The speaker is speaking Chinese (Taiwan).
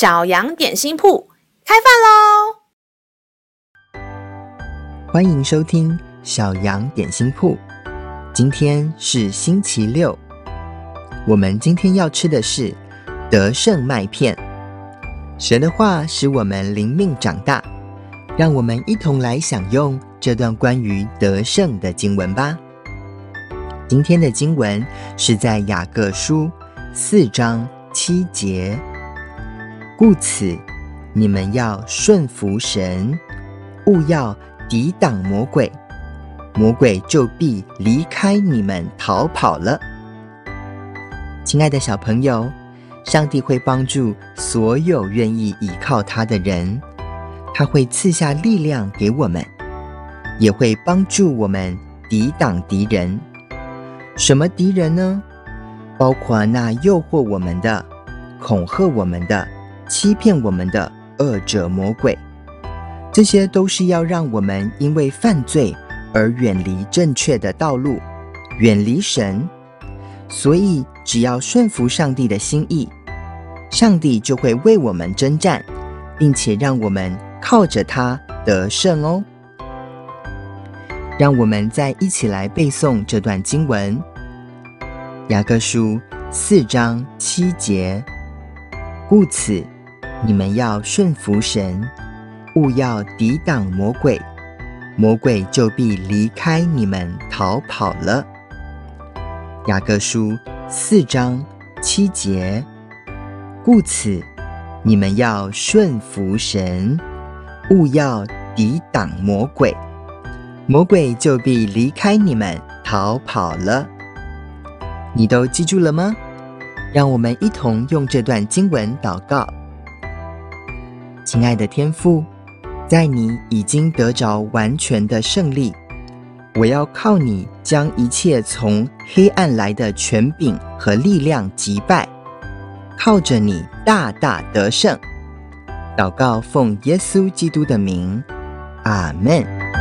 小羊點心鋪開飯嘍！歡迎收聽小羊點心鋪。今天是星期六，我們今天要吃的是得勝麥片。神的話使我們靈命長大，讓我們一同來享用這段關於得勝的經文吧。今天的經文是在雅各書四章七節。故此，你們要順服神，務要抵擋魔鬼，魔鬼就必離開你們逃跑了。親愛的小朋友，上帝會幫助所有願意依靠他的人，他會賜下力量給我們，也會幫助我們抵擋敵人。什麼敵人呢？包括那誘惑我們的、恐嚇我們的。欺騙我們的惡者魔鬼，這些都是要讓我們因為犯罪而遠離正確的道路，遠離神。所以，只要順服上帝的心意，上帝就會為我們征戰，並且讓我們靠着祂得勝哦。讓我們再一起來背誦這段經文：雅各書四章七節。故此。你們要順服神，務要抵擋魔鬼，魔鬼就必離開你們逃跑了。雅各書四章七節。故此，你們要順服神，務要抵擋魔鬼，魔鬼就必離開你們逃跑了。你都記住了嗎？讓我們一同用這段經文禱告。親愛的天父，在你已經得着完全的勝利，我要靠你將一切從黑暗來的權柄和力量擊敗，靠着你大大得勝。禱告奉耶穌基督的名，阿門。